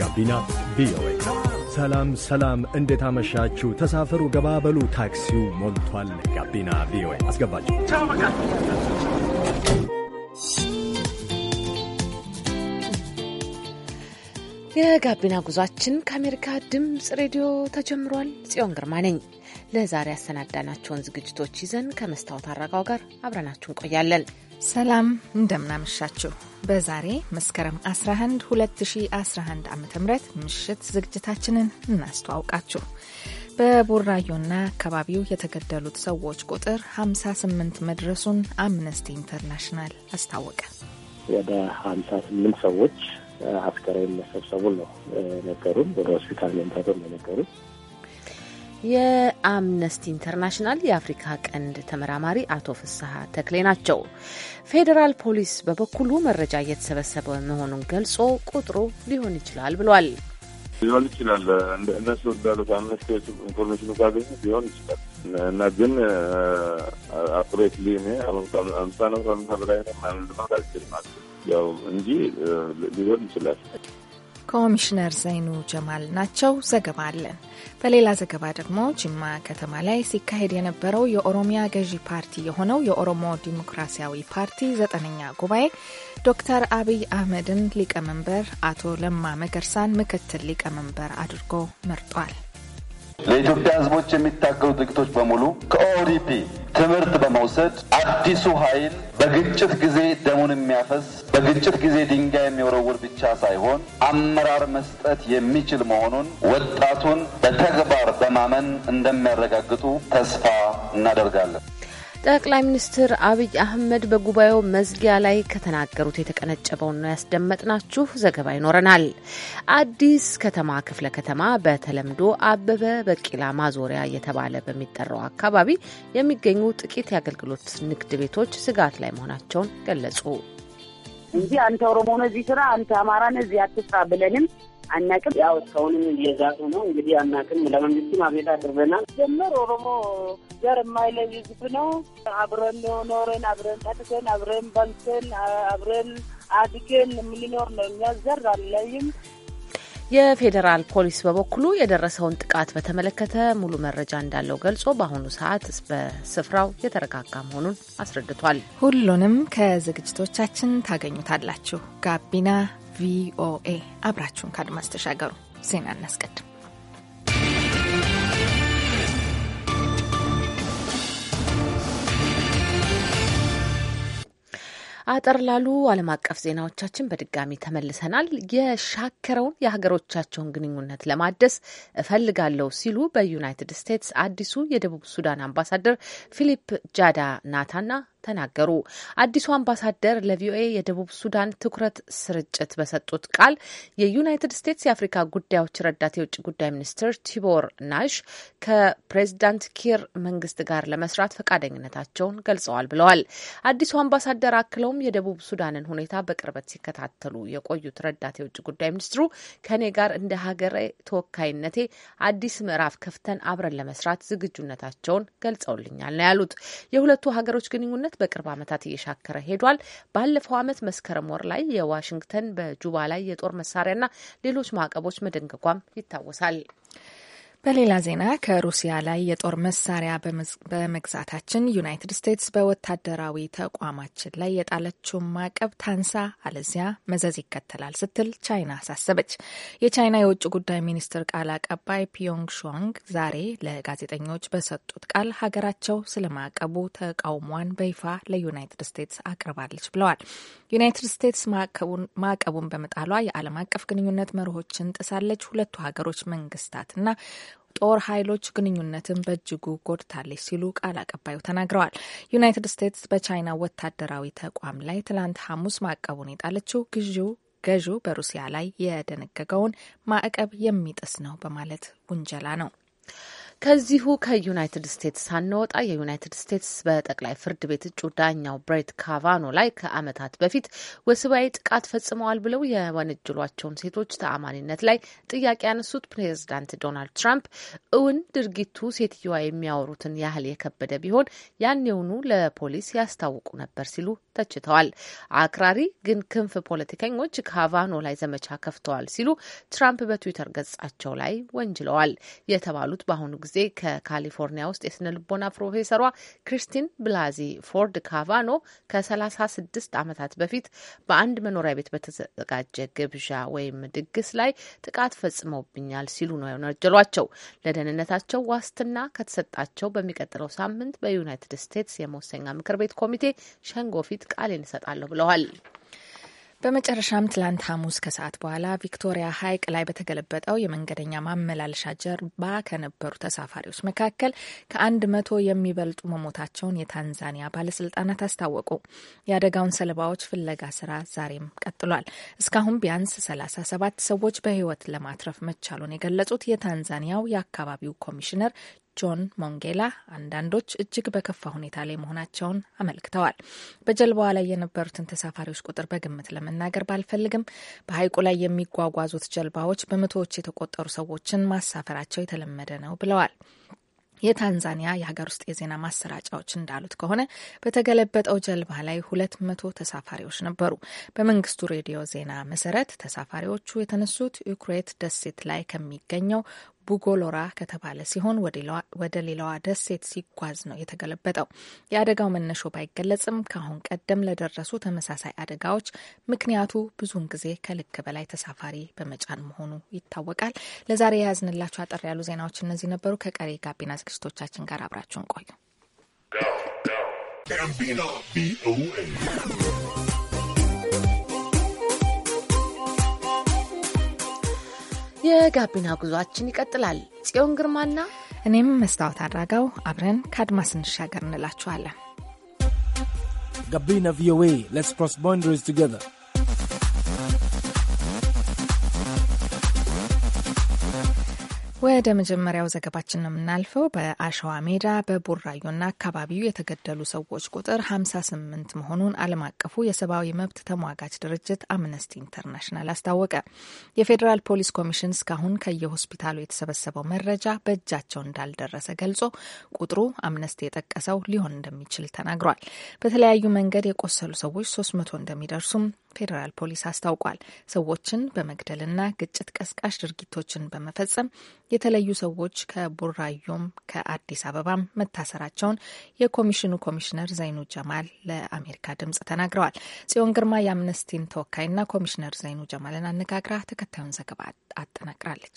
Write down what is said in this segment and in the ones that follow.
ጋቢና ቪኦኤ። ሰላም ሰላም፣ እንዴት አመሻችሁ? ተሳፈሩ፣ ገባበሉ፣ ታክሲው ሞልቷል። ጋቢና ቪኦኤ አስገባችሁ። የጋቢና ጉዟችን ከአሜሪካ ድምፅ ሬዲዮ ተጀምሯል። ጽዮን ግርማ ነኝ። ለዛሬ ያሰናዳናቸውን ዝግጅቶች ይዘን ከመስታወት አረጋው ጋር አብረናችሁ እንቆያለን። ሰላም እንደምናመሻችሁ። በዛሬ መስከረም 11 2011 ዓ ም ምሽት ዝግጅታችንን እናስተዋውቃችሁ። በቡራዩና አካባቢው የተገደሉት ሰዎች ቁጥር 58 መድረሱን አምነስቲ ኢንተርናሽናል አስታወቀ። ወደ 58 ሰዎች አስከሬን መሰብሰቡን ነው ነገሩን። ወደ ሆስፒታል መምጣቱን ነው ነገሩን የአምነስቲ ኢንተርናሽናል የአፍሪካ ቀንድ ተመራማሪ አቶ ፍስሐ ተክሌ ናቸው። ፌዴራል ፖሊስ በበኩሉ መረጃ እየተሰበሰበ መሆኑን ገልጾ ቁጥሩ ሊሆን ይችላል ብሏል። ሊሆን ይችላል እነሱ እንዳሉት አምነስቲ ኢንፎርሜሽኑ ካገኙ ሊሆን ይችላል እና ግን አኩሬት ሊኔ አምሳ ነው ከምሳ በላይ ነው ማለት አልችልም ያው እንጂ ሊሆን ይችላል ኮሚሽነር ዘይኑ ጀማል ናቸው። ዘገባ አለን። በሌላ ዘገባ ደግሞ ጅማ ከተማ ላይ ሲካሄድ የነበረው የኦሮሚያ ገዢ ፓርቲ የሆነው የኦሮሞ ዲሞክራሲያዊ ፓርቲ ዘጠነኛ ጉባኤ ዶክተር አብይ አህመድን ሊቀመንበር፣ አቶ ለማ መገርሳን ምክትል ሊቀመንበር አድርጎ መርጧል። ለኢትዮጵያ ሕዝቦች የሚታገሉ ድርጅቶች በሙሉ ከኦዲፒ ትምህርት በመውሰድ አዲሱ ኃይል በግጭት ጊዜ ደሙን የሚያፈስ በግጭት ጊዜ ድንጋይ የሚወረውር ብቻ ሳይሆን አመራር መስጠት የሚችል መሆኑን ወጣቱን በተግባር በማመን እንደሚያረጋግጡ ተስፋ እናደርጋለን። ጠቅላይ ሚኒስትር አብይ አህመድ በጉባኤው መዝጊያ ላይ ከተናገሩት የተቀነጨበውን ነው ያስደመጥናችሁ። ዘገባ ይኖረናል። አዲስ ከተማ ክፍለ ከተማ በተለምዶ አበበ በቂላ ማዞሪያ እየተባለ በሚጠራው አካባቢ የሚገኙ ጥቂት የአገልግሎት ንግድ ቤቶች ስጋት ላይ መሆናቸውን ገለጹ። እንጂ አንተ ኦሮሞ ነህ እዚህ ስራ፣ አንተ አማራ ነህ እዚህ አትስራ ብለንም አናቅም። ያው እስካሁንም እየዛቱ ነው እንግዲህ አናቅም። ለመንግስትም አቤት አድርገናል። ጀምር ኦሮሞ ዘር የማይለይ ህዝብ ነው። አብረን ኖረን አብረን ጠጥተን አብረን በልተን አብረን አድገን የምንኖር ነው። እኛ ዘር አለይም። የፌዴራል ፖሊስ በበኩሉ የደረሰውን ጥቃት በተመለከተ ሙሉ መረጃ እንዳለው ገልጾ በአሁኑ ሰዓት በስፍራው የተረጋጋ መሆኑን አስረድቷል። ሁሉንም ከዝግጅቶቻችን ታገኙታላችሁ። ጋቢና ቪኦኤ አብራችሁን ከአድማስ ተሻገሩ። ዜና እናስቀድም። አጠር ላሉ ዓለም አቀፍ ዜናዎቻችን በድጋሚ ተመልሰናል። የሻከረውን የሀገሮቻቸውን ግንኙነት ለማደስ እፈልጋለሁ ሲሉ በዩናይትድ ስቴትስ አዲሱ የደቡብ ሱዳን አምባሳደር ፊሊፕ ጃዳ ናታና ተናገሩ። አዲሱ አምባሳደር ለቪኦኤ የደቡብ ሱዳን ትኩረት ስርጭት በሰጡት ቃል የዩናይትድ ስቴትስ የአፍሪካ ጉዳዮች ረዳት የውጭ ጉዳይ ሚኒስትር ቲቦር ናሽ ከፕሬዚዳንት ኪር መንግስት ጋር ለመስራት ፈቃደኝነታቸውን ገልጸዋል ብለዋል። አዲሱ አምባሳደር አክለውም የደቡብ ሱዳንን ሁኔታ በቅርበት ሲከታተሉ የቆዩት ረዳት የውጭ ጉዳይ ሚኒስትሩ ከእኔ ጋር እንደ ሀገሬ ተወካይነቴ አዲስ ምዕራፍ ከፍተን አብረን ለመስራት ዝግጁነታቸውን ገልጸውልኛል ነው ያሉት። የሁለቱ ሀገሮች ግንኙነት ግንኙነት በቅርብ ዓመታት እየሻከረ ሄዷል። ባለፈው ዓመት መስከረም ወር ላይ የዋሽንግተን በጁባ ላይ የጦር መሳሪያና ሌሎች ማዕቀቦች መደንገጓም ይታወሳል። በሌላ ዜና ከሩሲያ ላይ የጦር መሳሪያ በመግዛታችን ዩናይትድ ስቴትስ በወታደራዊ ተቋማችን ላይ የጣለችውን ማዕቀብ ታንሳ አለዚያ መዘዝ ይከተላል ስትል ቻይና አሳሰበች። የቻይና የውጭ ጉዳይ ሚኒስትር ቃል አቀባይ ፒዮንግ ሹዋንግ ዛሬ ለጋዜጠኞች በሰጡት ቃል ሀገራቸው ስለ ማዕቀቡ ተቃውሟን በይፋ ለዩናይትድ ስቴትስ አቅርባለች ብለዋል። ዩናይትድ ስቴትስ ማዕቀቡን በመጣሏ የዓለም አቀፍ ግንኙነት መርሆችን ጥሳለች፣ ሁለቱ ሀገሮች መንግስታትና ጦር ኃይሎች ግንኙነትን በእጅጉ ጎድታለች ሲሉ ቃል አቀባዩ ተናግረዋል። ዩናይትድ ስቴትስ በቻይና ወታደራዊ ተቋም ላይ ትላንት ሐሙስ ማዕቀቡን የጣለችው ግዢው ገዢው በሩሲያ ላይ የደነገገውን ማዕቀብ የሚጥስ ነው በማለት ውንጀላ ነው። ከዚሁ ከዩናይትድ ስቴትስ ሳንወጣ የዩናይትድ ስቴትስ በጠቅላይ ፍርድ ቤት እጩ ዳኛው ብሬት ካቫኖ ላይ ከዓመታት በፊት ወሲባዊ ጥቃት ፈጽመዋል ብለው የወነጀሏቸውን ሴቶች ተአማኒነት ላይ ጥያቄ ያነሱት ፕሬዚዳንት ዶናልድ ትራምፕ እውን ድርጊቱ ሴትየዋ የሚያወሩትን ያህል የከበደ ቢሆን ያኔውኑ ለፖሊስ ያስታውቁ ነበር ሲሉ ተችተዋል። አክራሪ ግን ክንፍ ፖለቲከኞች ካቫኖ ላይ ዘመቻ ከፍተዋል ሲሉ ትራምፕ በትዊተር ገጻቸው ላይ ወንጅለዋል የተባሉት በአሁኑ ጊዜ ጊዜ ከካሊፎርኒያ ውስጥ የስነ ልቦና ፕሮፌሰሯ ክሪስቲን ብላዚ ፎርድ ካቫኖ ከ36 ዓመታት በፊት በአንድ መኖሪያ ቤት በተዘጋጀ ግብዣ ወይም ድግስ ላይ ጥቃት ፈጽመውብኛል ሲሉ ነው የወነጀሏቸው። ለደህንነታቸው ዋስትና ከተሰጣቸው በሚቀጥለው ሳምንት በዩናይትድ ስቴትስ የመወሰኛ ምክር ቤት ኮሚቴ ሸንጎ ፊት ቃሌን እሰጣለሁ ብለዋል። በመጨረሻም ትላንት ሐሙስ ከሰዓት በኋላ ቪክቶሪያ ሐይቅ ላይ በተገለበጠው የመንገደኛ ማመላለሻ ጀርባ ከነበሩ ተሳፋሪዎች መካከል ከአንድ መቶ የሚበልጡ መሞታቸውን የታንዛኒያ ባለስልጣናት አስታወቁ። የአደጋውን ሰለባዎች ፍለጋ ስራ ዛሬም ቀጥሏል። እስካሁን ቢያንስ ሰላሳ ሰባት ሰዎች በህይወት ለማትረፍ መቻሉን የገለጹት የታንዛኒያው የአካባቢው ኮሚሽነር ጆን ሞንጌላ አንዳንዶች እጅግ በከፋ ሁኔታ ላይ መሆናቸውን አመልክተዋል። በጀልባዋ ላይ የነበሩትን ተሳፋሪዎች ቁጥር በግምት ለመናገር ባልፈልግም በሐይቁ ላይ የሚጓጓዙት ጀልባዎች በመቶዎች የተቆጠሩ ሰዎችን ማሳፈራቸው የተለመደ ነው ብለዋል። የታንዛኒያ የሀገር ውስጥ የዜና ማሰራጫዎች እንዳሉት ከሆነ በተገለበጠው ጀልባ ላይ ሁለት መቶ ተሳፋሪዎች ነበሩ። በመንግስቱ ሬዲዮ ዜና መሰረት ተሳፋሪዎቹ የተነሱት ዩክሬት ደሴት ላይ ከሚገኘው ቡጎሎራ ከተባለ ሲሆን ወደ ሌላዋ ደሴት ሲጓዝ ነው የተገለበጠው። የአደጋው መነሾ ባይገለጽም ከአሁን ቀደም ለደረሱ ተመሳሳይ አደጋዎች ምክንያቱ ብዙውን ጊዜ ከልክ በላይ ተሳፋሪ በመጫን መሆኑ ይታወቃል። ለዛሬ የያዝንላቸው አጠር ያሉ ዜናዎች እነዚህ ነበሩ። ከቀሪ ጋቢና ዝግጅቶቻችን ጋር አብራችሁን ቆዩ። የጋቢና ጉዟችን ይቀጥላል። ጽዮን ግርማና እኔም መስታወት አድራጋው አብረን ከአድማስ እንሻገር እንላችኋለን። ጋቢና ቪኦኤ ሌትስ ክሮስ ባውንደሪስ ቱጌዘር ወደ መጀመሪያው ዘገባችን ነው የምናልፈው። በአሸዋ ሜዳ በቡራዩና አካባቢው የተገደሉ ሰዎች ቁጥር 58 መሆኑን ዓለም አቀፉ የሰብአዊ መብት ተሟጋች ድርጅት አምነስቲ ኢንተርናሽናል አስታወቀ። የፌዴራል ፖሊስ ኮሚሽን እስካሁን ከየሆስፒታሉ የተሰበሰበው መረጃ በእጃቸው እንዳልደረሰ ገልጾ ቁጥሩ አምነስቲ የጠቀሰው ሊሆን እንደሚችል ተናግሯል። በተለያዩ መንገድ የቆሰሉ ሰዎች 300 እንደሚደርሱም ፌዴራል ፖሊስ አስታውቋል። ሰዎችን በመግደልና ግጭት ቀስቃሽ ድርጊቶችን በመፈጸም የተለዩ ሰዎች ከቡራዮም ከአዲስ አበባም መታሰራቸውን የኮሚሽኑ ኮሚሽነር ዘይኑ ጀማል ለአሜሪካ ድምጽ ተናግረዋል። ጽዮን ግርማ የአምነስቲን ተወካይና ኮሚሽነር ዘይኑ ጀማልን አነጋግራ ተከታዩን ዘገባ አጠናቅራለች።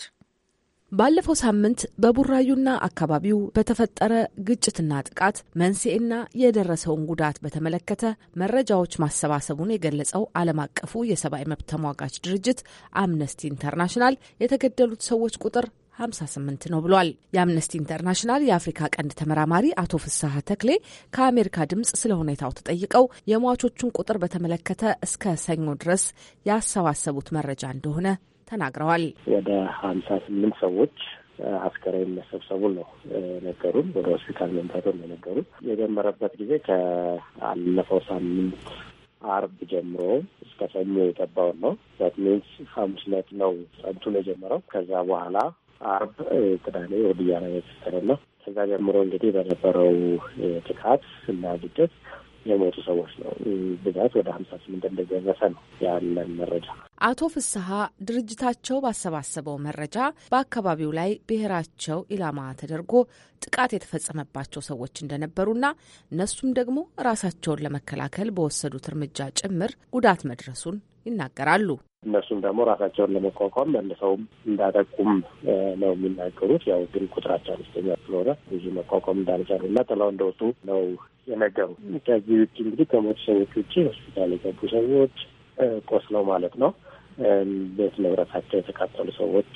ባለፈው ሳምንት በቡራዩና አካባቢው በተፈጠረ ግጭትና ጥቃት መንስኤና የደረሰውን ጉዳት በተመለከተ መረጃዎች ማሰባሰቡን የገለጸው ዓለም አቀፉ የሰብአዊ መብት ተሟጋች ድርጅት አምነስቲ ኢንተርናሽናል የተገደሉት ሰዎች ቁጥር 58 ነው ብሏል። የአምነስቲ ኢንተርናሽናል የአፍሪካ ቀንድ ተመራማሪ አቶ ፍስሐ ተክሌ ከአሜሪካ ድምፅ ስለ ሁኔታው ተጠይቀው የሟቾቹን ቁጥር በተመለከተ እስከ ሰኞ ድረስ ያሰባሰቡት መረጃ እንደሆነ ተናግረዋል። ወደ ሀምሳ ስምንት ሰዎች አስከሬን መሰብሰቡን ነው ነገሩን። ወደ ሆስፒታል መምጣቱን ነው ነገሩን። የጀመረበት ጊዜ ከአለፈው ሳምንት አርብ ጀምሮ እስከ ሰኞ የጠባውን ነው። ዛት ሚንስ ሐሙስ ዕለት ነው ጸንቱን የጀመረው። ከዛ በኋላ አርብ፣ ቅዳሜ ወዲያ ነው የተሰረ ነው። ከዛ ጀምሮ እንግዲህ በነበረው ጥቃት እና ግጭት የሞቱ ሰዎች ነው ብዛት ወደ ሀምሳ ስምንት እንደደረሰ ነው ያለን መረጃ። አቶ ፍስሀ ድርጅታቸው ባሰባሰበው መረጃ በአካባቢው ላይ ብሔራቸው ኢላማ ተደርጎ ጥቃት የተፈጸመባቸው ሰዎች እንደነበሩና እነሱም ደግሞ ራሳቸውን ለመከላከል በወሰዱት እርምጃ ጭምር ጉዳት መድረሱን ይናገራሉ። እነሱም ደግሞ ራሳቸውን ለመቋቋም መልሰውም እንዳጠቁም ነው የሚናገሩት። ያው ግን ቁጥራቸው አነስተኛ ስለሆነ ብዙ መቋቋም እንዳልቻሉ እና ጥለው እንደወጡ ነው የነገሩ። ከዚህ ውጭ እንግዲህ ከሞቱ ሰዎች ውጭ ሆስፒታል የገቡ ሰዎች ቆስለው ማለት ነው ቤት ንብረታቸው የተቃጠሉ ሰዎች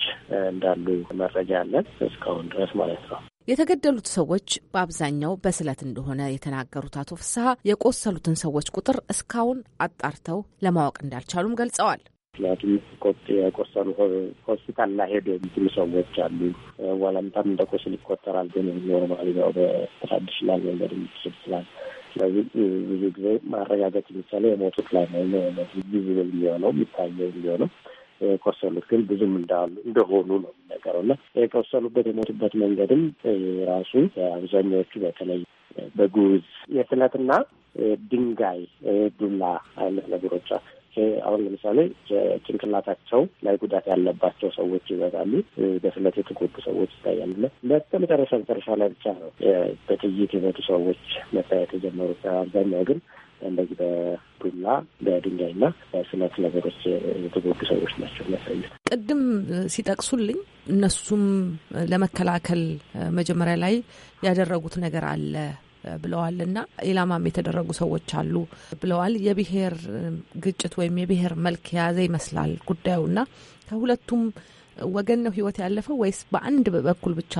እንዳሉ መረጃ አለን እስካሁን ድረስ ማለት ነው። የተገደሉት ሰዎች በአብዛኛው በስለት እንደሆነ የተናገሩት አቶ ፍስሀ የቆሰሉትን ሰዎች ቁጥር እስካሁን አጣርተው ለማወቅ እንዳልቻሉም ገልጸዋል። ምክንያቱም ቆጥ የቆሰሉ ሆስፒታል ላይ ሄዶ የሚችሉ ሰዎች አሉ። ወለምታም እንደ ቁስል ይቆጠራል። ግን ኖርማሊ ነው በትራዲሽናል መንገድ የሚችል ስላል ስለዚህ ብዙ ጊዜ ማረጋገጥ የሚቻለው የሞቱት ላይ ነው ቪዝብል የሚሆነው የሚታየው የሚሆነው የቆሰሉት ግን ብዙም እንዳሉ እንደሆኑ ነው የሚነገረው እና የቆሰሉበት የሞቱበት መንገድም ራሱ አብዛኛዎቹ በተለይ በጉዝ የስለትና ድንጋይ ዱላ አይነት ነገሮች አሁን ለምሳሌ ጭንቅላታቸው ላይ ጉዳት ያለባቸው ሰዎች ይበዛሉ። በስለት የተጎዱ ሰዎች ይታያሉ። መጨረሻ መጨረሻ ላይ ብቻ ነው በጥይት የሞቱ ሰዎች መታየት የጀመሩት። አብዛኛው ግን እንደዚህ በዱላ በድንጋይና በስለት ነገሮች የተጎዱ ሰዎች ናቸው የሚያሳዩት። ቅድም ሲጠቅሱልኝ እነሱም ለመከላከል መጀመሪያ ላይ ያደረጉት ነገር አለ ብለዋል እና ኢላማም የተደረጉ ሰዎች አሉ ብለዋል። የብሄር ግጭት ወይም የብሔር መልክ የያዘ ይመስላል ጉዳዩ እና ከሁለቱም ወገን ነው ህይወት ያለፈው ወይስ በአንድ በኩል ብቻ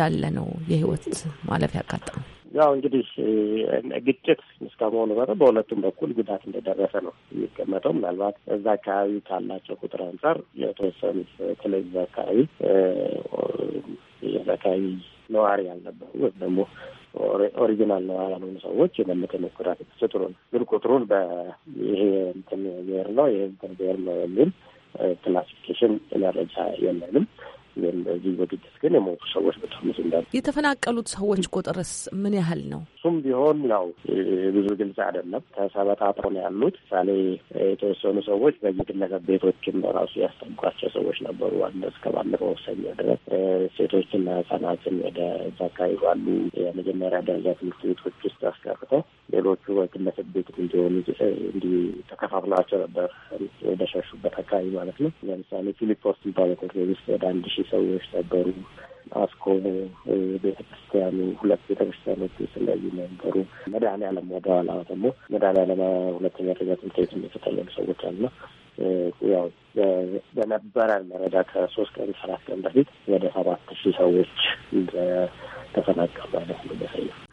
ያለ ነው የህይወት ማለፍ ያጋጠመው? ያው እንግዲህ ግጭት እስከመሆኑ በረ በሁለቱም በኩል ጉዳት እንደደረሰ ነው የሚቀመጠው። ምናልባት እዛ አካባቢ ካላቸው ቁጥር አንጻር የተወሰኑት በተለይ እዛ አካባቢ የዛ አካባቢ ነዋሪ ያልነበሩ ወይም ደግሞ ኦሪጂናል ነዋሪ ያልሆኑ ሰዎች የበለጠ መጎዳት የተሰጡ ነው። ግን ቁጥሩን በይሄ እንትን ብሔር ነው ይሄ እንትን ብሔር ነው የሚል ክላሲፊኬሽን መረጃ የለንም። በዚህ በፊት ግን የሞቱ ሰዎች በጣም እንዳሉ የተፈናቀሉት ሰዎች ቁጥርስ ምን ያህል ነው? እሱም ቢሆን ያው ብዙ ግልጽ አይደለም። ተሰበጣጥሮ ነው ያሉት። ምሳሌ የተወሰኑ ሰዎች በየግለሰብ ቤቶችም በራሱ ያስጠጓቸው ሰዎች ነበሩ። አንድ እስከ ባለፈው ሰኞ ድረስ ሴቶችና ህጻናትን ወደ እዛ አካባቢ ባሉ የመጀመሪያ ደረጃ ትምህርት ቤቶች ውስጥ አስቀርተው ሌሎቹ በግለሰብ ቤት እንዲሆኑ እንዲህ ተከፋፍለዋቸው ነበር ወደ ሸሹበት አካባቢ ማለት ነው። ለምሳሌ ፊሊፖስ ሚባለ ትምህርት ውስጥ ወደ አንድ ሺህ ሰዎች ነበሩ። አስኮ ቤተክርስቲያኑ ሁለት ቤተክርስቲያኖች የተለያዩ ነበሩ። ወደ ወደኋላ ደግሞ መድኃኒዓለም ሁለተኛ ደረጃ ትምህርት ቤት የተጠለሉ ሰዎች አሉና ያው በነበረን መረጃ ከሶስት ቀን ሰራት ቀን በፊት ወደ ሰባት ሺህ ሰዎች ተፈናቀሉ አይነት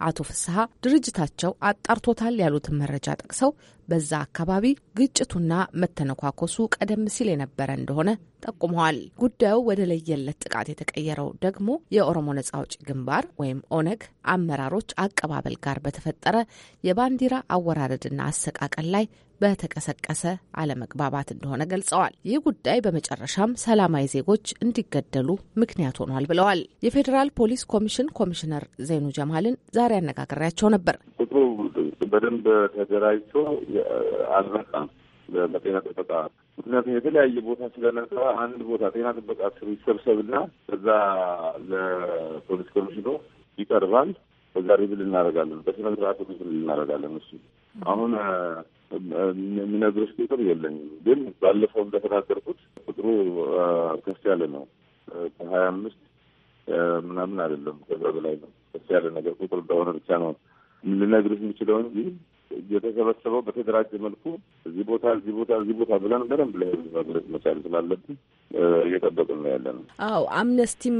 አቶ ፍስሀ ድርጅታቸው አጣርቶታል ያሉትን መረጃ ጠቅሰው በዛ አካባቢ ግጭቱና መተነኳኮሱ ቀደም ሲል የነበረ እንደሆነ ጠቁመዋል። ጉዳዩ ወደ ለየለት ጥቃት የተቀየረው ደግሞ የኦሮሞ ነጻ አውጪ ግንባር ወይም ኦነግ አመራሮች አቀባበል ጋር በተፈጠረ የባንዲራ አወራረድና አሰቃቀል ላይ በተቀሰቀሰ አለመግባባት እንደሆነ ገልጸዋል። ይህ ጉዳይ በመጨረሻም ሰላማዊ ዜጎች እንዲገደሉ ምክንያት ሆኗል ብለዋል። የፌዴራል ፖሊስ ኮሚሽን ኮሚሽነር ዘይኑ ጀማልን ዛሬ አነጋግሬያቸው ነበር። ቁጥሩ በደንብ ተደራጅቶ አልመጣም በጤና ጥበቃ ምክንያቱም የተለያየ ቦታ ስለነበረ አንድ ቦታ ጤና ጥበቃ ስር ይሰብሰብና እዛ ለፖሊስ ኮሚሽኑ ይቀርባል። በዛ ሪቪል እናደርጋለን፣ በስነ ስርዓቱ ሪቪል እናደርጋለን። እሱ አሁን የሚነግሮች ቁጥር የለኝም፣ ግን ባለፈው እንደተናገርኩት ቁጥሩ ከፍ ያለ ነው። ከሀያ አምስት ምናምን አይደለም፣ ከዛ በላይ ነው። ከፍ ያለ ነገር ቁጥር እንደሆነ ብቻ ነው ልነግርህ የምችለው እንጂ የተሰበሰበው በተደራጀ መልኩ እዚህ ቦታ እዚህ ቦታ እዚህ ቦታ ብለን በደንብ ለህዝብ መግለጽ መቻል ስላለብን እየጠበቅን ነው ያለ ነው። አዎ አምነስቲም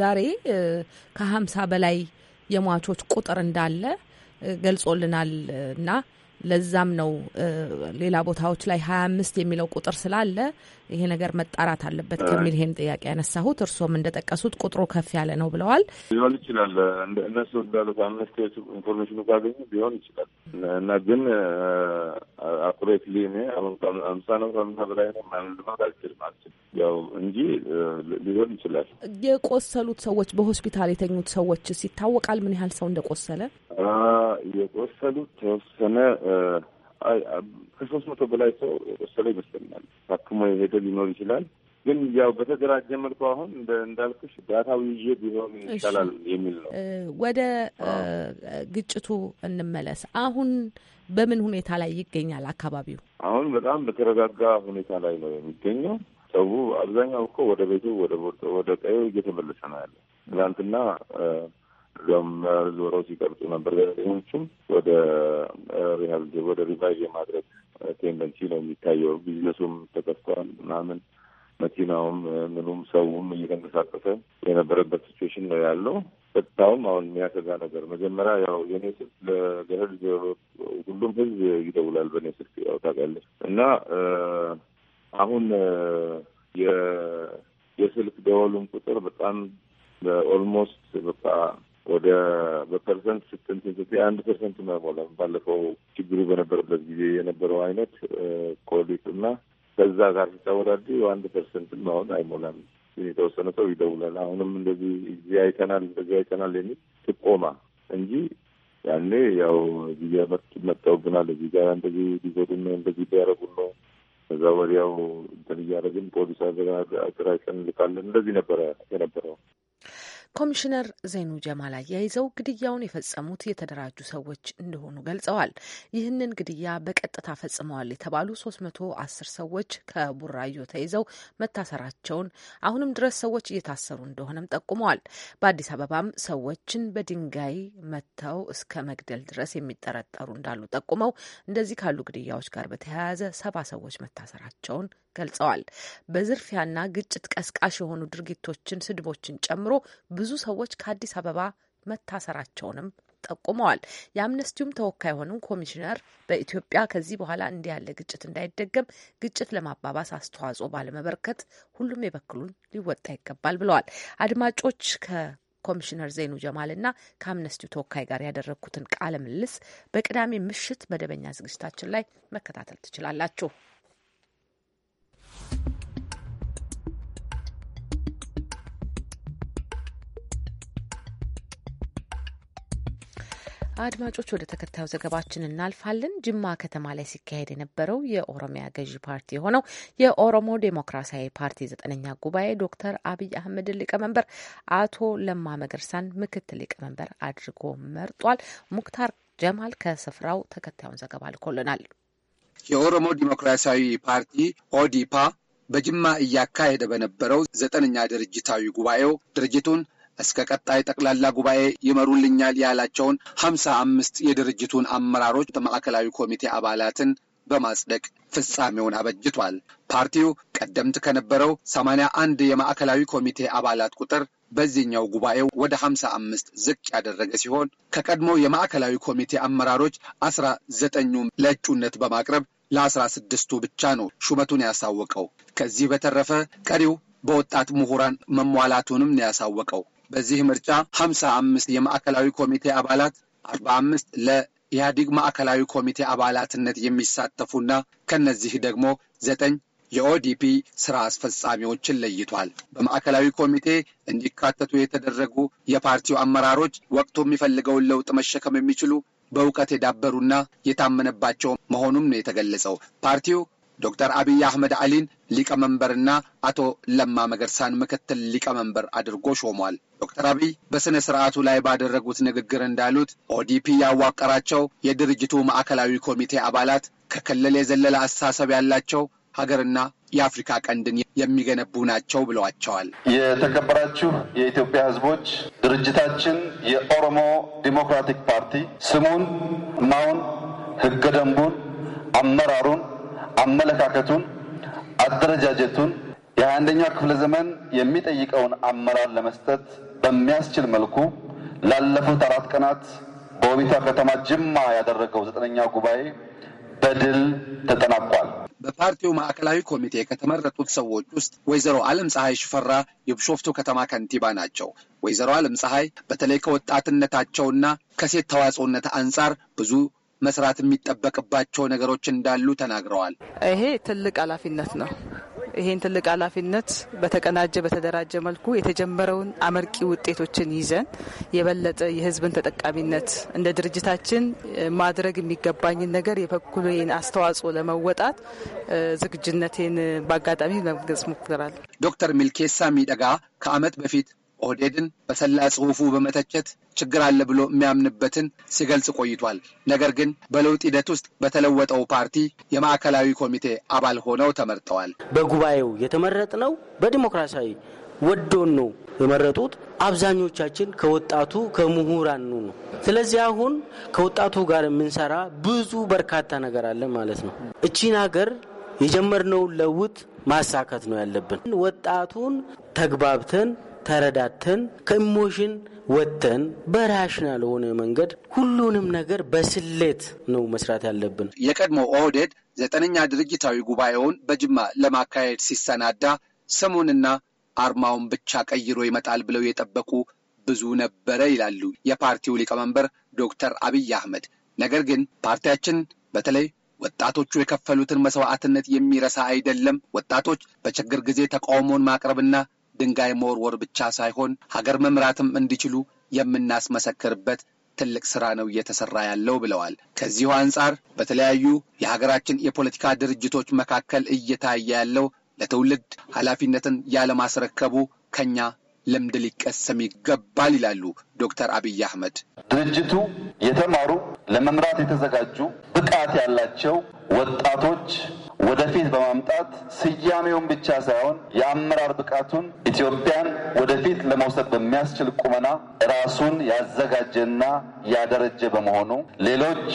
ዛሬ ከሀምሳ በላይ የሟቾች ቁጥር እንዳለ ገልጾልናል እና ለዛም ነው ሌላ ቦታዎች ላይ ሀያ አምስት የሚለው ቁጥር ስላለ ይሄ ነገር መጣራት አለበት ከሚል ይሄን ጥያቄ ያነሳሁት። እርስዎም እንደጠቀሱት ቁጥሩ ከፍ ያለ ነው ብለዋል። ሊሆን ይችላል እነሱ እንዳሉት አምነስቲ ኢንፎርሜሽኑ ካገኙ ሊሆን ይችላል እና ግን አኩሬት ሊኔ አምሳ ነው ከምሳ በላይ ነው ልማት አልችልም አልችልም ያው እንጂ ሊሆን ይችላል። የቆሰሉት ሰዎች በሆስፒታል የተኙት ሰዎች ይታወቃል ምን ያህል ሰው እንደቆሰለ? የቆሰሉት ተወሰነ ከሶስት መቶ በላይ ሰው የቆሰለ ይመስለኛል። ታክሞ የሄደ ሊኖር ይችላል። ግን ያው በተደራጀ መልኩ አሁን እንዳልኩሽ ዳታው ይዤ ቢሆን ይቻላል የሚል ነው። ወደ ግጭቱ እንመለስ። አሁን በምን ሁኔታ ላይ ይገኛል አካባቢው? አሁን በጣም በተረጋጋ ሁኔታ ላይ ነው የሚገኘው። ሰው አብዛኛው እኮ ወደ ቤቱ ወደ ቀዩ እየተመለሰ ነው ያለ ትናንትና እዚያም ዞረው ሲቀርጹ ነበር። ጋዜጠኞቹም ወደ ሪሃል ወደ ሪቫይቭ የማድረግ ቴንደንሲ ነው የሚታየው። ቢዝነሱም ተከፍቷል ምናምን መኪናውም ምኑም ሰውም እየተንቀሳቀሰ የነበረበት ሲትዌሽን ነው ያለው። ጸጥታውም አሁን የሚያሰጋ ነገር መጀመሪያ ያው የኔ ስልክ ለህዝብ ሁሉም ህዝብ ይደውላል በእኔ ስልክ ያው ታውቃለች እና አሁን የስልክ ደወሉን ቁጥር በጣም ኦልሞስት በቃ ወደ በፐርሰንት ስንት ኢትዮጵያ አንድ ፐርሰንት አይሞላም። ባለፈው ችግሩ በነበረበት ጊዜ የነበረው አይነት ኮሊት እና ከዛ ጋር ሲታወዳዱ አንድ ፐርሰንት አሁን አይሞላም። የተወሰነ ሰው ይደውላል። አሁንም እንደዚህ እዚህ አይተናል እንደዚህ አይተናል የሚል ትቆማ እንጂ ያኔ ያው እዚህ መጥ መጣውብናል እዚህ ጋር እንደዚህ ሊዘዱ ነው፣ እንደዚህ ሊያረጉን ነው፣ እዛ ወዲያው እንትን እያደረግን ፖሊስ አደራጅተን እንልካለን። እንደዚህ ነበረ የነበረው። ኮሚሽነር ዘይኑ ጀማል አያይዘው ግድያውን የፈጸሙት የተደራጁ ሰዎች እንደሆኑ ገልጸዋል። ይህንን ግድያ በቀጥታ ፈጽመዋል የተባሉ 310 ሰዎች ከቡራዮ ተይዘው መታሰራቸውን አሁንም ድረስ ሰዎች እየታሰሩ እንደሆነም ጠቁመዋል። በአዲስ አበባም ሰዎችን በድንጋይ መተው እስከ መግደል ድረስ የሚጠረጠሩ እንዳሉ ጠቁመው እንደዚህ ካሉ ግድያዎች ጋር በተያያዘ ሰባ ሰዎች መታሰራቸውን ገልጸዋል። በዝርፊያና ግጭት ቀስቃሽ የሆኑ ድርጊቶችን፣ ስድቦችን ጨምሮ ብዙ ሰዎች ከአዲስ አበባ መታሰራቸውንም ጠቁመዋል። የአምነስቲውም ተወካይ የሆኑ ኮሚሽነር በኢትዮጵያ ከዚህ በኋላ እንዲህ ያለ ግጭት እንዳይደገም ግጭት ለማባባስ አስተዋጽኦ ባለመበርከት ሁሉም የበኩሉን ሊወጣ ይገባል ብለዋል። አድማጮች ከኮሚሽነር ዘይኑ ጀማልና ከአምነስቲው ተወካይ ጋር ያደረግኩትን ቃለ ምልልስ በቅዳሜ ምሽት መደበኛ ዝግጅታችን ላይ መከታተል ትችላላችሁ። አድማጮች ወደ ተከታዩ ዘገባችን እናልፋለን። ጅማ ከተማ ላይ ሲካሄድ የነበረው የኦሮሚያ ገዢ ፓርቲ የሆነው የኦሮሞ ዴሞክራሲያዊ ፓርቲ ዘጠነኛ ጉባኤ ዶክተር አብይ አህመድን ሊቀመንበር፣ አቶ ለማ መገርሳን ምክትል ሊቀመንበር አድርጎ መርጧል። ሙክታር ጀማል ከስፍራው ተከታዩን ዘገባ ልኮልናል። የኦሮሞ ዲሞክራሲያዊ ፓርቲ ኦዲፓ በጅማ እያካሄደ በነበረው ዘጠነኛ ድርጅታዊ ጉባኤው ድርጅቱን እስከ ቀጣይ ጠቅላላ ጉባኤ ይመሩልኛል ያላቸውን ሀምሳ አምስት የድርጅቱን አመራሮች ማዕከላዊ ኮሚቴ አባላትን በማጽደቅ ፍጻሜውን አበጅቷል። ፓርቲው ቀደምት ከነበረው ሰማንያ አንድ የማዕከላዊ ኮሚቴ አባላት ቁጥር በዚህኛው ጉባኤው ወደ ሀምሳ አምስት ዝቅ ያደረገ ሲሆን ከቀድሞ የማዕከላዊ ኮሚቴ አመራሮች አስራ ዘጠኙም ለእጩነት በማቅረብ ለአስራ ስድስቱ ብቻ ነው ሹመቱን ያሳወቀው። ከዚህ በተረፈ ቀሪው በወጣት ምሁራን መሟላቱንም ያሳወቀው። በዚህ ምርጫ ሀምሳ አምስት የማዕከላዊ ኮሚቴ አባላት አርባ አምስት ለኢህአዲግ ማዕከላዊ ኮሚቴ አባላትነት የሚሳተፉና ከነዚህ ደግሞ ዘጠኝ የኦዲፒ ስራ አስፈጻሚዎችን ለይቷል። በማዕከላዊ ኮሚቴ እንዲካተቱ የተደረጉ የፓርቲው አመራሮች ወቅቱ የሚፈልገውን ለውጥ መሸከም የሚችሉ በእውቀት የዳበሩና የታመነባቸው መሆኑም ነው የተገለጸው። ፓርቲው ዶክተር አብይ አህመድ አሊን ሊቀመንበርና አቶ ለማ መገርሳን ምክትል ሊቀመንበር አድርጎ ሾሟል። ዶክተር አብይ በሥነ ሥርዓቱ ላይ ባደረጉት ንግግር እንዳሉት ኦዲፒ ያዋቀራቸው የድርጅቱ ማዕከላዊ ኮሚቴ አባላት ከክልል የዘለለ አስተሳሰብ ያላቸው ሀገርና የአፍሪካ ቀንድን የሚገነቡ ናቸው ብለዋቸዋል። የተከበራችሁ የኢትዮጵያ ሕዝቦች ድርጅታችን የኦሮሞ ዲሞክራቲክ ፓርቲ ስሙን፣ ማውን፣ ህገ ደንቡን፣ አመራሩን አመለካከቱን፣ አደረጃጀቱን የሀያ አንደኛው ክፍለ ዘመን የሚጠይቀውን አመራር ለመስጠት በሚያስችል መልኩ ላለፉት አራት ቀናት በወቢታ ከተማ ጅማ ያደረገው ዘጠነኛ ጉባኤ በድል ተጠናቋል። በፓርቲው ማዕከላዊ ኮሚቴ ከተመረጡት ሰዎች ውስጥ ወይዘሮ አለም ፀሐይ ሽፈራ የብሾፍቱ ከተማ ከንቲባ ናቸው። ወይዘሮ አለም ፀሐይ በተለይ ከወጣትነታቸውና ከሴት ተዋጽኦነት አንጻር ብዙ መስራት የሚጠበቅባቸው ነገሮች እንዳሉ ተናግረዋል። ይሄ ትልቅ ኃላፊነት ነው። ይሄን ትልቅ ኃላፊነት በተቀናጀ በተደራጀ መልኩ የተጀመረውን አመርቂ ውጤቶችን ይዘን የበለጠ የህዝብን ተጠቃሚነት እንደ ድርጅታችን ማድረግ የሚገባኝን ነገር የበኩሌን አስተዋጽኦ ለመወጣት ዝግጅነቴን በአጋጣሚ ለመግለጽ ሞክራል። ዶክተር ሚልኬሳ ሚደጋ ከአመት በፊት ኦህዴድን በሰላ ጽሁፉ በመተቸት ችግር አለ ብሎ የሚያምንበትን ሲገልጽ ቆይቷል። ነገር ግን በለውጥ ሂደት ውስጥ በተለወጠው ፓርቲ የማዕከላዊ ኮሚቴ አባል ሆነው ተመርጠዋል። በጉባኤው የተመረጥ ነው በዲሞክራሲያዊ ወዶን ነው የመረጡት። አብዛኞቻችን ከወጣቱ ከምሁራኑ ነው። ስለዚህ አሁን ከወጣቱ ጋር የምንሰራ ብዙ በርካታ ነገር አለ ማለት ነው። እቺን ሀገር የጀመርነውን ለውጥ ማሳከት ነው ያለብን። ወጣቱን ተግባብተን ተረዳተን ከኢሞሽን ወጥተን በራሽናል ሆነ መንገድ ሁሉንም ነገር በስሌት ነው መስራት ያለብን። የቀድሞ ኦህዴድ ዘጠነኛ ድርጅታዊ ጉባኤውን በጅማ ለማካሄድ ሲሰናዳ ስሙንና አርማውን ብቻ ቀይሮ ይመጣል ብለው የጠበቁ ብዙ ነበረ ይላሉ የፓርቲው ሊቀመንበር ዶክተር አብይ አህመድ። ነገር ግን ፓርቲያችን በተለይ ወጣቶቹ የከፈሉትን መስዋዕትነት የሚረሳ አይደለም። ወጣቶች በችግር ጊዜ ተቃውሞን ማቅረብና ድንጋይ መወርወር ብቻ ሳይሆን ሀገር መምራትም እንዲችሉ የምናስመሰክርበት ትልቅ ስራ ነው እየተሰራ ያለው ብለዋል። ከዚሁ አንጻር በተለያዩ የሀገራችን የፖለቲካ ድርጅቶች መካከል እየታየ ያለው ለትውልድ ኃላፊነትን ያለማስረከቡ ከኛ ልምድ ሊቀሰም ይገባል ይላሉ ዶክተር አብይ አህመድ። ድርጅቱ የተማሩ ለመምራት የተዘጋጁ ብቃት ያላቸው ወጣቶች ወደፊት በማምጣት ስያሜውን ብቻ ሳይሆን የአመራር ብቃቱን ኢትዮጵያን ወደፊት ለመውሰድ በሚያስችል ቁመና ራሱን ያዘጋጀና ያደረጀ በመሆኑ ሌሎች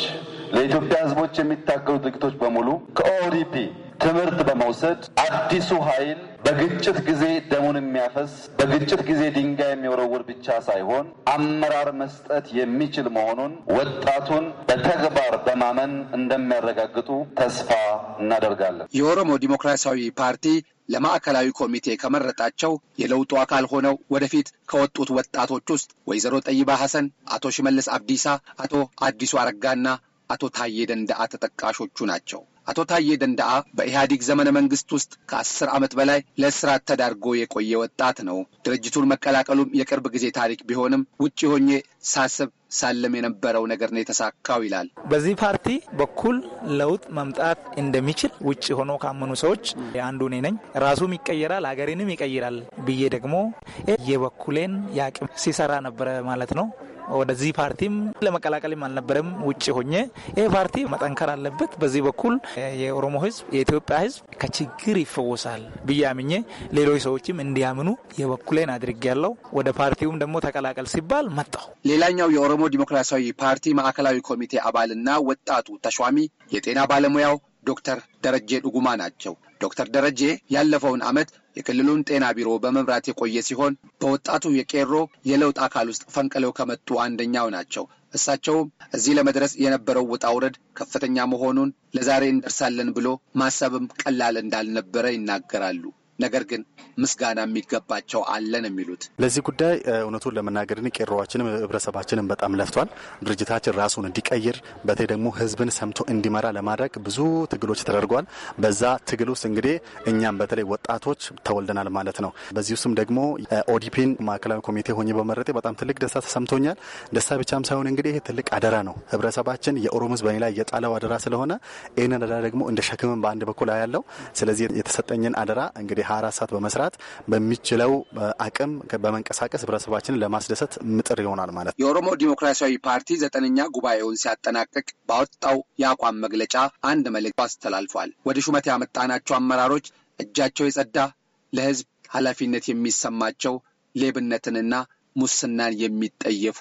ለኢትዮጵያ ሕዝቦች የሚታገሉ ድርጅቶች በሙሉ ከኦዲፒ ትምህርት በመውሰድ አዲሱ ኃይል በግጭት ጊዜ ደሙን የሚያፈስ በግጭት ጊዜ ድንጋይ የሚወረውር ብቻ ሳይሆን አመራር መስጠት የሚችል መሆኑን ወጣቱን በተግባር በማመን እንደሚያረጋግጡ ተስፋ እናደርጋለን። የኦሮሞ ዲሞክራሲያዊ ፓርቲ ለማዕከላዊ ኮሚቴ ከመረጣቸው የለውጡ አካል ሆነው ወደፊት ከወጡት ወጣቶች ውስጥ ወይዘሮ ጠይባ ሐሰን፣ አቶ ሽመልስ አብዲሳ፣ አቶ አዲሱ አረጋና አቶ ታዬ ደንዳአ ተጠቃሾቹ ናቸው። አቶ ታዬ ደንዳአ በኢህአዴግ ዘመነ መንግስት ውስጥ ከአስር ዓመት በላይ ለእስራት ተዳርጎ የቆየ ወጣት ነው። ድርጅቱን መቀላቀሉም የቅርብ ጊዜ ታሪክ ቢሆንም ውጭ ሆኜ ሳስብ ሳለም የነበረው ነገር ነው የተሳካው ይላል። በዚህ ፓርቲ በኩል ለውጥ መምጣት እንደሚችል ውጭ ሆኖ ካመኑ ሰዎች አንዱ እኔ ነኝ። ራሱም ይቀየራል፣ ሀገሬንም ይቀይራል ብዬ ደግሞ የበኩሌን ያቅም ሲሰራ ነበረ ማለት ነው። ወደዚህ ፓርቲም ለመቀላቀልም አልነበረም ውጭ ሆኜ ይህ ፓርቲ መጠንከር አለበት። በዚህ በኩል የኦሮሞ ህዝብ የኢትዮጵያ ህዝብ ከችግር ይፈወሳል ብዬ ሌሎች ሰዎችም እንዲያምኑ የበኩሌን አድርግ ያለው ወደ ፓርቲውም ደግሞ ተቀላቀል ሲባል መጣሁ። ሌላኛው የኦሮሞ ዲሞክራሲያዊ ፓርቲ ማዕከላዊ ኮሚቴ አባልና ወጣቱ ተሿሚ የጤና ባለሙያው ዶክተር ደረጀ ዱጉማ ናቸው። ዶክተር ደረጀ ያለፈውን ዓመት የክልሉን ጤና ቢሮ በመምራት የቆየ ሲሆን በወጣቱ የቄሮ የለውጥ አካል ውስጥ ፈንቅለው ከመጡ አንደኛው ናቸው። እሳቸውም እዚህ ለመድረስ የነበረው ውጣ ውረድ ከፍተኛ መሆኑን ለዛሬ እንደርሳለን ብሎ ማሰብም ቀላል እንዳልነበረ ይናገራሉ። ነገር ግን ምስጋና የሚገባቸው አለን የሚሉት ለዚህ ጉዳይ እውነቱን ለመናገር ቄሮዋችንም ህብረተሰባችንም በጣም ለፍቷል። ድርጅታችን ራሱን እንዲቀይር በተለይ ደግሞ ህዝብን ሰምቶ እንዲመራ ለማድረግ ብዙ ትግሎች ተደርጓል። በዛ ትግል ውስጥ እንግዲህ እኛም በተለይ ወጣቶች ተወልደናል ማለት ነው። በዚህ ውስጥም ደግሞ ኦዲፒን ማዕከላዊ ኮሚቴ ሆኜ በመረጤ በጣም ትልቅ ደስታ ተሰምቶኛል። ደስታ ብቻም ሳይሆን እንግዲህ ይሄ ትልቅ አደራ ነው። ህብረተሰባችን የኦሮሞ ህዝብ በኔ ላይ የጣለው አደራ ስለሆነ ይህንን አደራ ደግሞ እንደ ሸክምን በአንድ በኩል ያለው ስለዚህ የተሰጠኝን አደራ እንግዲህ ሀያ ሰዓት በመስራት በሚችለው አቅም በመንቀሳቀስ ህብረተሰባችንን ለማስደሰት ምጥር ይሆናል ማለት ነው። የኦሮሞ ዲሞክራሲያዊ ፓርቲ ዘጠነኛ ጉባኤውን ሲያጠናቅቅ ባወጣው የአቋም መግለጫ አንድ መልእክት አስተላልፏል። ወደ ሹመት ያመጣናቸው አመራሮች እጃቸው የጸዳ ለህዝብ ኃላፊነት የሚሰማቸው ሌብነትንና ሙስናን የሚጠየፉ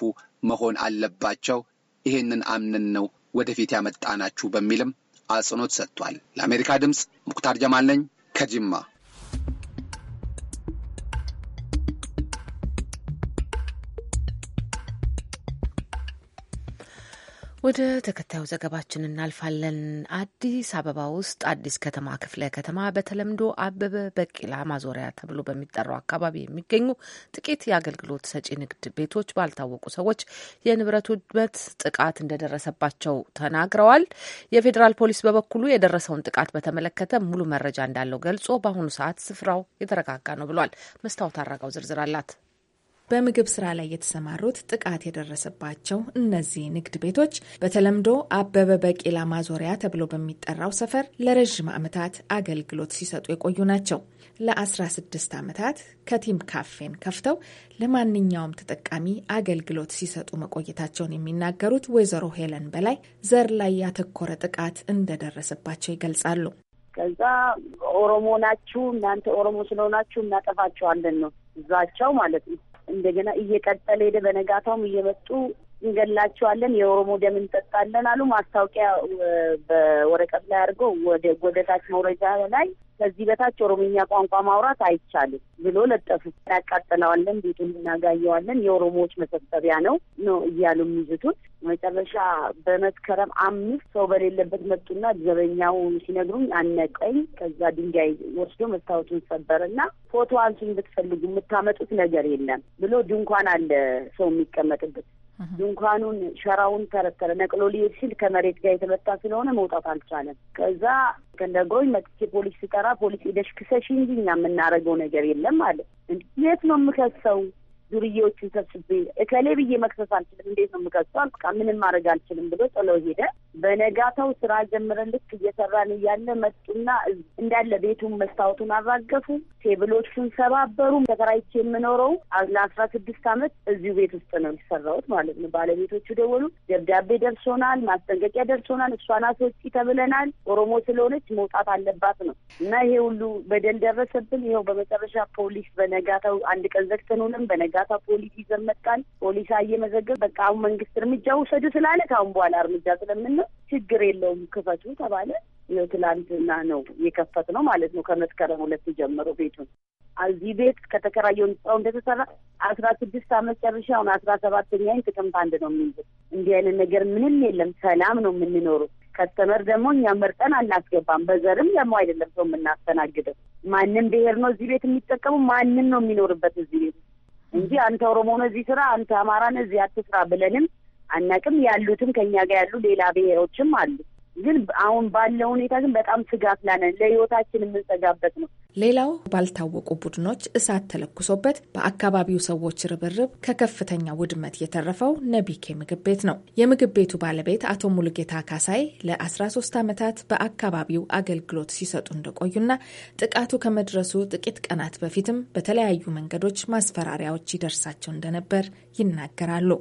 መሆን አለባቸው። ይሄንን አምነን ነው ወደፊት ያመጣናችሁ በሚልም አጽንኦት ሰጥቷል። ለአሜሪካ ድምፅ ሙክታር ጀማል ነኝ ከጅማ። ወደ ተከታዩ ዘገባችን እናልፋለን። አዲስ አበባ ውስጥ አዲስ ከተማ ክፍለ ከተማ በተለምዶ አበበ በቂላ ማዞሪያ ተብሎ በሚጠራው አካባቢ የሚገኙ ጥቂት የአገልግሎት ሰጪ ንግድ ቤቶች ባልታወቁ ሰዎች የንብረት ውድመት ጥቃት እንደደረሰባቸው ተናግረዋል። የፌዴራል ፖሊስ በበኩሉ የደረሰውን ጥቃት በተመለከተ ሙሉ መረጃ እንዳለው ገልጾ በአሁኑ ሰዓት ስፍራው የተረጋጋ ነው ብሏል። መስታወት አራጋው ዝርዝር አላት። በምግብ ስራ ላይ የተሰማሩት ጥቃት የደረሰባቸው እነዚህ ንግድ ቤቶች በተለምዶ አበበ በቂላ ማዞሪያ ተብሎ በሚጠራው ሰፈር ለረዥም ዓመታት አገልግሎት ሲሰጡ የቆዩ ናቸው። ለ16 ዓመታት ከቲም ካፌን ከፍተው ለማንኛውም ተጠቃሚ አገልግሎት ሲሰጡ መቆየታቸውን የሚናገሩት ወይዘሮ ሄለን በላይ ዘር ላይ ያተኮረ ጥቃት እንደደረሰባቸው ይገልጻሉ። ከዛ ኦሮሞ ናችሁ እናንተ ኦሮሞ ስለሆናችሁ እናጠፋቸዋለን ነው እዛቸው ማለት ነው። እንደገና እየቀጠለ ሄደ። በነጋታውም እየመጡ እንገላቸዋለን፣ የኦሮሞ ደም እንጠጣለን አሉ። ማስታወቂያ በወረቀት ላይ አድርገው ወደ መውረጃ ላይ ከዚህ በታች ኦሮምኛ ቋንቋ ማውራት አይቻልም ብሎ ለጠፉ። እናቃጥለዋለን፣ ቤቱን እናጋየዋለን፣ የኦሮሞዎች መሰብሰቢያ ነው ነው እያሉ የሚዝቱት። መጨረሻ በመስከረም አምስት ሰው በሌለበት መጡና ዘበኛው ሲነግሩኝ አነቀኝ። ከዛ ድንጋይ ወስዶ መስታወቱን ሰበረና ፎቶ አንሱን ብትፈልጉ የምታመጡት ነገር የለም ብሎ ድንኳን አለ ሰው የሚቀመጥበት ድንኳኑን ሸራውን ተረተረ ነቅሎ ሊሄድ ሲል ከመሬት ጋር የተመታ ስለሆነ መውጣት አልቻለም። ከዛ ከነግሮኝ መጥቼ ፖሊስ ስጠራ ፖሊስ ሄደሽ ክሰሽ እንጂ እኛ የምናደርገው ነገር የለም አለ። የት ነው የምከሰው? ዱርዬዎቹን ሰብስቤ እከሌ ብዬ መክሰስ አልችልም። እንዴት ነው የምከሰው? በቃ ምንም ማድረግ አልችልም ብሎ ጥሎ ሄደ። በነጋታው ስራ ጀምረን ልክ እየሰራን እያለ መጡና እንዳለ ቤቱን መስታወቱን አራገፉ፣ ቴብሎቹን ሰባበሩ። ተከራይቼ የምኖረው ለአስራ ስድስት አመት እዚሁ ቤት ውስጥ ነው የሰራሁት ማለት ነው። ባለቤቶቹ ደወሉ። ደብዳቤ ደርሶናል፣ ማስጠንቀቂያ ደርሶናል፣ እሷን አስወጪ ተብለናል። ኦሮሞ ስለሆነች መውጣት አለባት ነው እና ይሄ ሁሉ በደል ደረሰብን። ይኸው በመጨረሻ ፖሊስ በነጋታው አንድ ቀን ዘግተን ሆነን በነጋ እርዳታ ፖሊስ ይዘን መጣን። ፖሊስ እየመዘገብ በቃ አሁን መንግስት እርምጃ ውሰዱ ስላለ ከአሁን በኋላ እርምጃ ስለምንለው ችግር የለውም ክፈቱ ተባለ። ይኸው ትላንትና ነው የከፈት ነው ማለት ነው። ከመስከረም ሁለት ጀምሮ ቤቱን እዚህ ቤት ከተከራየውን ህንጻው እንደተሰራ አስራ ስድስት አመት ጨርሼ አሁን አስራ ሰባተኛዬን ጥቅምት አንድ ነው የሚይዘው። እንዲህ አይነት ነገር ምንም የለም። ሰላም ነው የምንኖረው። ከስተመር ደግሞ እኛ መርጠን አናስገባም። በዘርም ደግሞ አይደለም ሰው የምናስተናግደው። ማንም ብሄር ነው እዚህ ቤት የሚጠቀሙ ማንም ነው የሚኖርበት እዚህ ቤት እንጂ አንተ ኦሮሞ ነህ እዚህ ስራ፣ አንተ አማራ ነህ እዚህ አትስራ ብለንም አናቅም። ያሉትም ከእኛ ጋር ያሉ ሌላ ብሔሮችም አሉ። ግን አሁን ባለው ሁኔታ ግን በጣም ስጋት ላነ ለህይወታችን የምንጸጋበት ነው። ሌላው ባልታወቁ ቡድኖች እሳት ተለኩሶበት በአካባቢው ሰዎች ርብርብ ከከፍተኛ ውድመት የተረፈው ነቢኬ ምግብ ቤት ነው። የምግብ ቤቱ ባለቤት አቶ ሙሉጌታ ካሳይ ለ13 ዓመታት በአካባቢው አገልግሎት ሲሰጡ እንደቆዩና ጥቃቱ ከመድረሱ ጥቂት ቀናት በፊትም በተለያዩ መንገዶች ማስፈራሪያዎች ይደርሳቸው እንደነበር ይናገራሉ።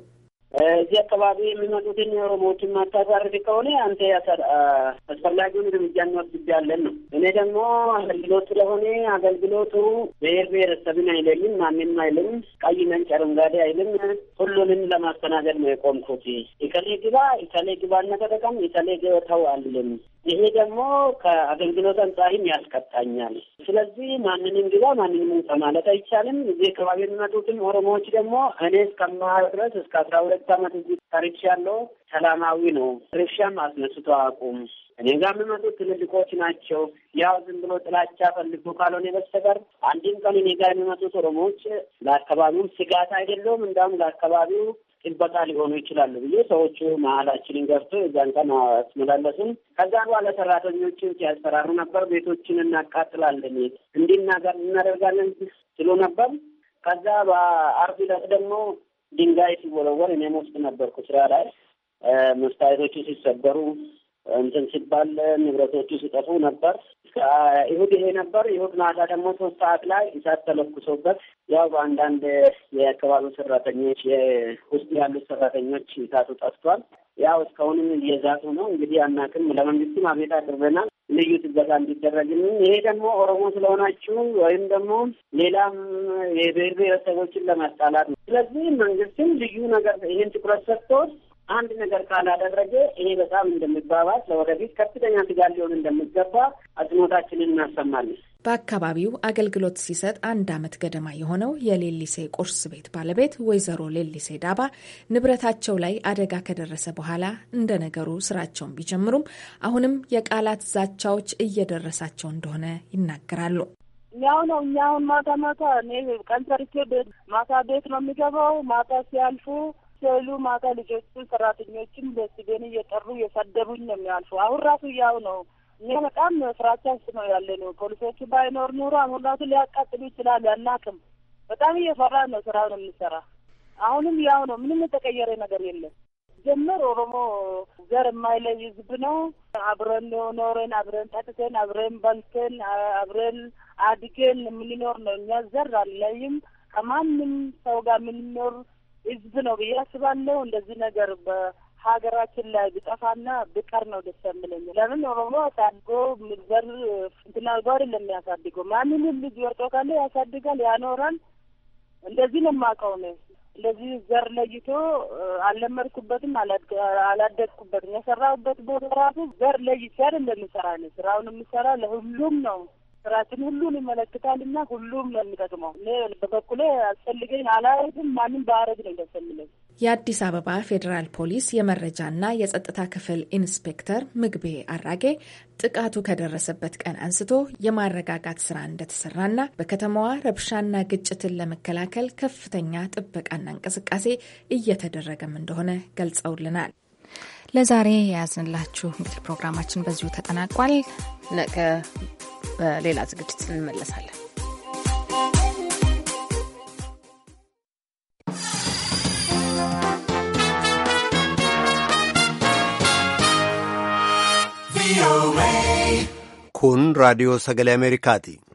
እዚህ አካባቢ የሚመጡትን ኦሮሞዎችን ማታሳርፍ ከሆነ አንተ አስፈላጊውን እርምጃ እንወስድብያለን ነው። እኔ ደግሞ አገልግሎት ስለሆነ አገልግሎቱ ብሔር ብሔረሰብን አይለይም፣ ማንም አይልም፣ ቀይ ነጭ አረንጓዴ አይልም። ሁሉንም ለማስተናገድ ነው የቆምኩት። ኢከሌ ግባ፣ ኢከሌ ግባና ተጠቀም፣ ኢከሌ ተው አልልም። ይሄ ደግሞ ከአገልግሎት አንጻሪም ያስቀጣኛል። ስለዚህ ማንንም ግባ ማንንም ውጣ ማለት አይቻልም። እዚህ አካባቢ የሚመጡትም ኦሮሞዎች ደግሞ እኔ እስከማር ድረስ እስከ አስራ ሁለት አመት እዚህ ታሪክ ያለው ሰላማዊ ነው። ርብሻም አስነስቶ አቁም እኔ ጋር የሚመጡት ትልልቆች ናቸው። ያው ዝም ብሎ ጥላቻ ፈልጎ ካልሆነ በስተቀር አንድም ቀን እኔ ጋር የሚመጡት ኦሮሞዎች ለአካባቢውም ስጋት አይደለውም። እንዳውም ለአካባቢው ጥበቃ ሊሆኑ ይችላሉ ብዬ ሰዎቹ መሀላችንን ገብቶ እዛን ቀን አስመላለሱም። ከዛ በኋላ ሰራተኞችን ሲያስፈራሩ ነበር። ቤቶችን እናቃጥላለን፣ እንዲናገር እናደርጋለን ስሎ ነበር። ከዛ በአርብ ዕለት ደግሞ ድንጋይ ሲወለወል እኔም ውስጥ ነበርኩ ስራ ላይ መስታወቶቹ ሲሰበሩ እንትን ሲባል ንብረቶቹ ሲጠፉ ነበር። ይሁድ ይሄ ነበር። ይሁድ ማታ ደግሞ ሶስት ሰዓት ላይ እሳት ተለኩሶበት ያው በአንዳንድ የአካባቢው ሰራተኞች ውስጥ ያሉት ሰራተኞች እሳቱ ጠፍቷል። ያው እስካሁንም እየዛቱ ነው። እንግዲህ አናክም ለመንግስትም አቤት አቅርበናል ልዩ ትገዛ እንዲደረግም ይሄ ደግሞ ኦሮሞ ስለሆናችሁ ወይም ደግሞ ሌላም የብሔር ብሔረሰቦችን ለማጣላት ነው። ስለዚህ መንግስትም ልዩ ነገር ይህን ትኩረት ሰጥቶት አንድ ነገር ካላደረገ ይሄ በጣም እንደሚባባስ ለወደፊት ከፍተኛ ስጋት ሊሆን እንደሚገባ አጽንኦታችንን እናሰማለን። በአካባቢው አገልግሎት ሲሰጥ አንድ ዓመት ገደማ የሆነው የሌሊሴ ቁርስ ቤት ባለቤት ወይዘሮ ሌሊሴ ዳባ ንብረታቸው ላይ አደጋ ከደረሰ በኋላ እንደ ነገሩ ስራቸውን ቢጀምሩም አሁንም የቃላት ዛቻዎች እየደረሳቸው እንደሆነ ይናገራሉ። ያው ነው። እኛ አሁን ማታ ማታ እኔ ቀን ሰርቼ ቤት ማታ ቤት ነው የሚገባው። ማታ ሲያልፉ ስዕሉ ማቀ ልጆቹ ሰራተኞችም በስቤን እየጠሩ እየሰደቡኝ ነው የሚያልፉ። አሁን ራሱ ያው ነው። እኛ በጣም ፍራቻ ውስጥ ነው ያለ ነው። ፖሊሶቹ ባይኖር ኑሮ አሁን ራሱ ሊያቃጥሉ ይችላሉ። አናቅም። በጣም እየፈራ ነው ስራ ነው የምንሰራ። አሁንም ያው ነው። ምንም የተቀየረ ነገር የለም። ጀምር ኦሮሞ ዘር የማይለይ ህዝብ ነው። አብረን ኖረን አብረን ጠጥተን አብረን በልተን አብረን አድገን የምንኖር ነው። እኛ ዘር አልለይም ከማንም ሰው ጋር የምንኖር ህዝብ ነው ብዬ አስባለሁ። እንደዚህ ነገር በሀገራችን ላይ ብጠፋና ብቀር ነው ደስ የምለኝ። ለምን ኦሮሞ አሳድጎ ምዘር እንትና አድርጎ አይደለም የሚያሳድገው። ማንንም ልጅ ወርጦ ካለ ያሳድጋል፣ ያኖራል። እንደዚህ ነው የማውቀው ነው። እንደዚህ ዘር ለይቶ አልለመድኩበትም፣ አላደግኩበትም። የሰራሁበት ቦታ ራሱ ዘር ለይቼ አይደለም የምሰራ ነው። ስራውን የምሰራ ለሁሉም ነው ስራችን ሁሉን ይመለክታል እና ሁሉም ነው የሚጠቅመው። እኔ በበኩሌ አስፈልገኝ አላረግም ማንም በአረግ ነው እንደሰምለኝ። የአዲስ አበባ ፌዴራል ፖሊስ የመረጃና የጸጥታ ክፍል ኢንስፔክተር ምግቤ አራጌ ጥቃቱ ከደረሰበት ቀን አንስቶ የማረጋጋት ስራ እንደተሰራና በከተማዋ ረብሻና ግጭትን ለመከላከል ከፍተኛ ጥበቃና እንቅስቃሴ እየተደረገም እንደሆነ ገልጸውልናል። ለዛሬ የያዝንላችሁ እንግዲህ ፕሮግራማችን በዚሁ ተጠናቋል። ነገ በሌላ ዝግጅት እንመለሳለን። Con Radio Sagale Americati.